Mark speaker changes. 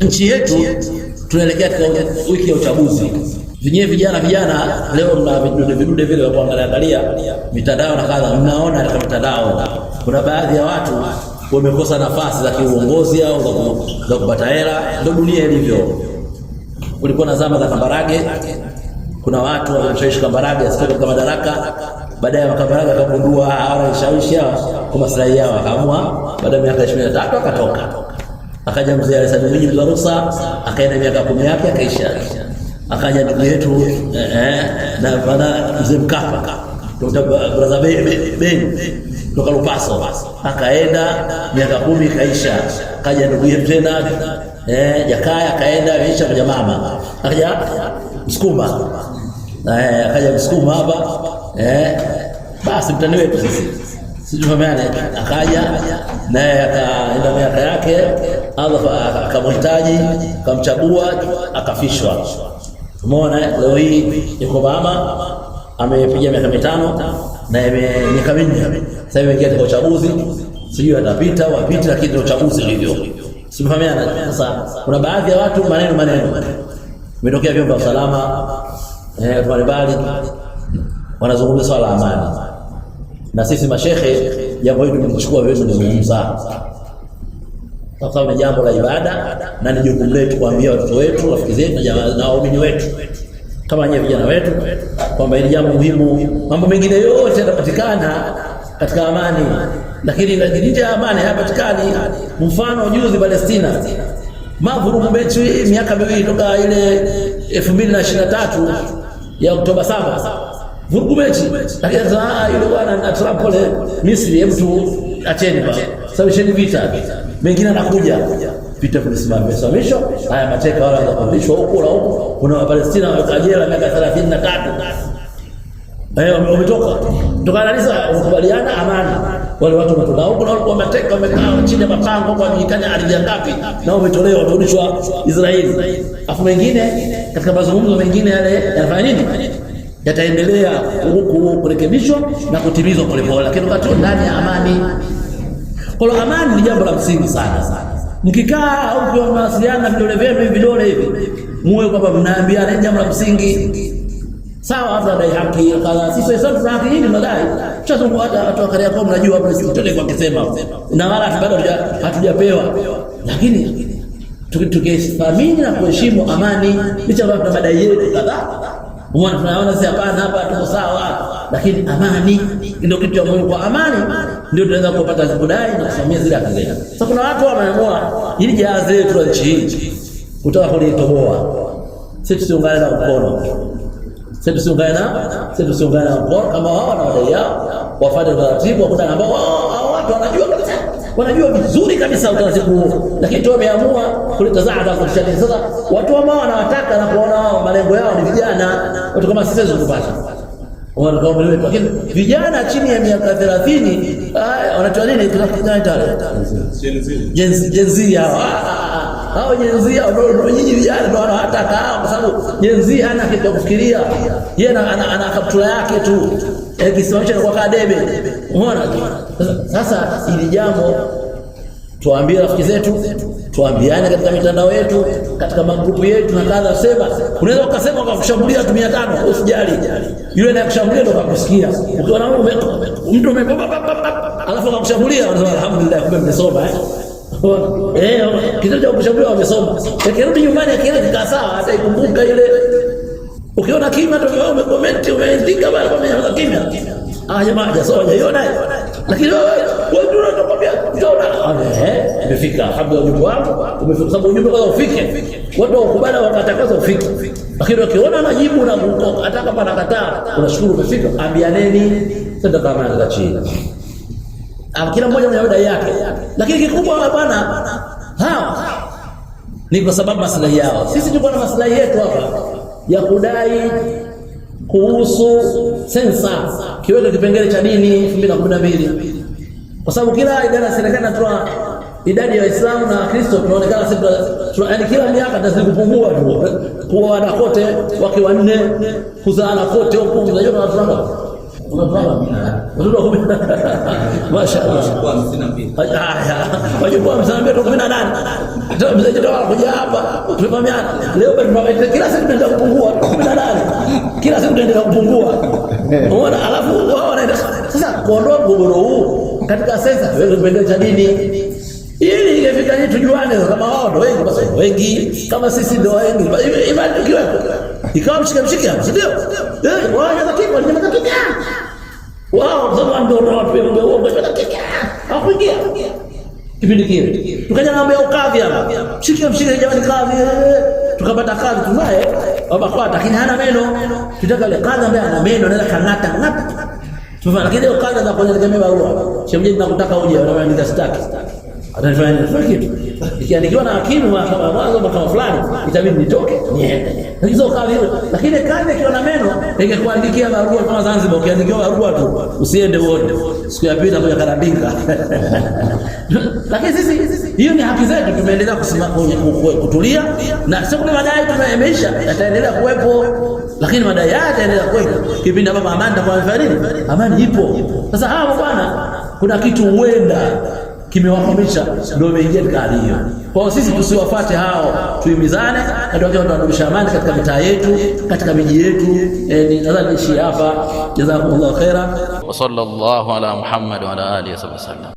Speaker 1: Nchi yetu tunaelekea katika wiki ya uchaguzi. Vinyewe vijana vijana leo mna vidude vidude vile vya kuangalia angalia mitandao na kadha, mnaona katika mitandao kuna baadhi ya watu wamekosa nafasi za kiuongozi au za kupata hela. Ndio dunia ilivyo. Kulikuwa na zama za Kambarage, kuna watu wamemshawishi Kambarage asitoke katika madaraka. Baadaye Kambarage akagundua hawa shawishi hawa kwa maslahi yao, akaamua baada ya miaka 23 akatoka. Akaja mzee Alisabeli mzee Musa, akaenda miaka kumi yake akaisha. Akaja ndugu yetu eh, eh na bana mzee Mkapa Dr. Brother Ben toka Lupaso, akaenda miaka kumi kaisha. Akaja ndugu yetu tena eh, Jakaya akaenda ameisha kwa mama, akaja Msukuma eh, akaja Msukuma hapa eh, basi mtani wetu sisi sijuamane akaja naye akaenda miaka yake, Allah akamhitaji akamchagua akafishwa. Umeona, leo hii yuko mama amepiga miaka mitano na miaka minne, sasa hivi katika uchaguzi sijui atapita wapiti, lakini uchaguzi ulivyo sifahamiana. Sasa kuna baadhi ya watu maneno maneno, umetokea vyombo vya usalama eh, mbalimbali wanazungumza swala la amani na sisi mashehe jambo hili tumechukua wewe sana kwa sababu ni jambo la ibada na ni jukumu letu kuambia watoto wetu, rafiki zetu na waumini wetu, kama nyewe vijana wetu, kwamba hili jambo muhimu. Mambo mengine yote yanapatikana katika amani, lakini nje ya amani hayapatikani. Mfano juzi Palestina, mavurugu mechi miaka miwili toka ile 2023 ya Oktoba saba vurugu mechi, lakini sasa ah, ah, yule bwana na Trump pole Misri, hebu tu acheni bwana, sababisheni vita, mengine anakuja vita kulisimamia samisho haya mateka wale wanapandishwa huko na huko. Kuna Wapalestina wamewekwa jela miaka 33 eh, wametoka na Lisa wakubaliana amani. Wale watu wametoka huko na walikuwa mateka, wamekaa chini ya mapango kwa mikanya ardhi ngapi, na wametolewa, wamerudishwa Israeli. Afu mengine katika mazungumzo mengine yale yanafanya nini? yataendelea huku kurekebishwa na kutimizwa polepole, lakini wakati huo ndani ya amani. Kwa hiyo amani ni jambo la msingi sana sana. Mkikaa au kwa mawasiliano vidole vyenu hivi vidole hivi muwe kwamba mnaambia mnaambiana jambo la msingi sawa, hata dai haki kadha. Sisi sasa sasa haki hili madai chazo kwa hata watu wa kwa mnajua hapo sisi tutende kwa kusema na wala bado hatujapewa, lakini tukithamini na kuheshimu amani, licha kwamba tuna madai yetu kadhaa Umeona, tunaona sisi hapana, hapa tuko sawa, lakini amani ndio kitu cha Mungu. Kwa amani ndio tunaweza kupata zikudai na kusimamia zile haki zetu. Sasa kuna watu wameamua hili jahazi letu la nchi hii kutaka kulitoboa, sisi tusiungane na mkono, sisi tusiungane na sisi tusiungane na mkono, kama wao na wadai yao wafanye taratibu, hakuna ambao oh, oh, watu wanajua kabisa, wanajua vizuri kabisa utaratibu huo, lakini tu wameamua kulitazaa adhabu shadidi. Sasa watu ambao wanawataka na kuona wao malengo yao ni vijana, watu kama sisi tunapata lakini vijana chini ya miaka 30 ah, wanatoa nini? Jenzi hawa hao jenzi ah, ah, ndio nyinyi vijana ndio wanawataka hao, kwa sababu jenzi hana kitu kufikiria yeye, ana ana kaptula yake tu, yaani kisimamisha kwa kadebe Umeona? Sasa ili jambo tuambie rafiki zetu, tuambiane katika mitandao yetu, katika magrupu yetu na kadha sema. Unaweza ukasema kwa kushambulia tu 500 usijali. Yule anayekushambulia ndo akakusikia. Ukiona mtu umebaba alafu akakushambulia, unasema alhamdulillah, kumbe mmesoma eh. Eh, kitendo cha kushambulia wamesoma. Akirudi nyumbani akienda kikaa sawa, hata ikumbuka ile. Ukiona kimya, ndio wewe umecomment, umeandika bana, kimya ah, jamaa jasawa jaiona, lakini wewe unakwambia utaona eh, imefika kabla ujumbe wako umefika, sababu ujumbe kwanza ufike, watu wakubali, wakatakaza ufike, lakini wakiona majibu na mko, hata kama nakataa, unashukuru umefika. Ambianeni sasa, kama nataka chini, ah, kila mmoja ana dai yake, lakini kikubwa bwana, hawa ni kwa sababu maslahi yao. Sisi tuko na maslahi yetu hapa ya kudai kuhusu sensa, kiweke kipengele cha dini 2012 kwa sababu kila idara ya serikali inatoa idadi ya Waislamu na Wakristo, tunaonekana sisi tunani yaani kila miaka tunazidi kupungua tu, kuoana kote wake wanne, kuzaana kote huko, unajua tunataka
Speaker 2: wajukuu hamsini na
Speaker 1: mbili kumi na leo, eh, kila siku tunaendelea kupungua kila siku kupungua. Eh. Unaona, alafu wao wanaenda sasa kuondoa mgogoro huu katika sensa, wewe kipengele dini ili ingefika hii tujuane, kama wao ndo wengi basi wengi, kama sisi ndo wengi, imani tukiwepo ikawa mshika mshika hapo, si ndio? Eh, wao wanataka kitu, wanataka kitu wao, sababu ndio ndio watu wengi wao wanataka kitu, hakuingia kipindi kile, tukaja mambo ya ukadhi hapa, mshika mshika, jamani kadhi, tukapata kadhi tunaye baba kwa lakini hana meno, tutaka ile kadhi ambaye ana meno anaweza kang'ata ng'ata, lakini kadhi anakuja kama barua, shemje, nakutaka uje, anaambia sitaki atafanya atanifanya kitu ikiandikiwa na hakimu mahakama mwanzo mahakama fulani, itabidi nitoke niende. Lakini kadhi ikiwa na meno, ingekuandikia barua kama Zanzibar, ukiandikiwa barua tu usiende wote, siku ya pili moja karabika. Lakini sisi hiyo ni haki zetu, tumeendelea kusimama kutulia na sio kuna madai tumeemeisha, yataendelea kuwepo, lakini madai yake yanaendelea kuwepo kipindi ambapo amani takuwa nini, amani ipo. Sasa hapo bwana, kuna kitu huenda kimewakomesha ndio wameingia katika hali hiyo. Kwa sisi tusiwafate hao, tuimizane na tuakia tunadumisha amani katika mitaa yetu, katika miji yetu. E, nadhani niishie hapa. Jazakumullahu khaira, wa sallallahu ala Muhammad wa ala alihi wasallam.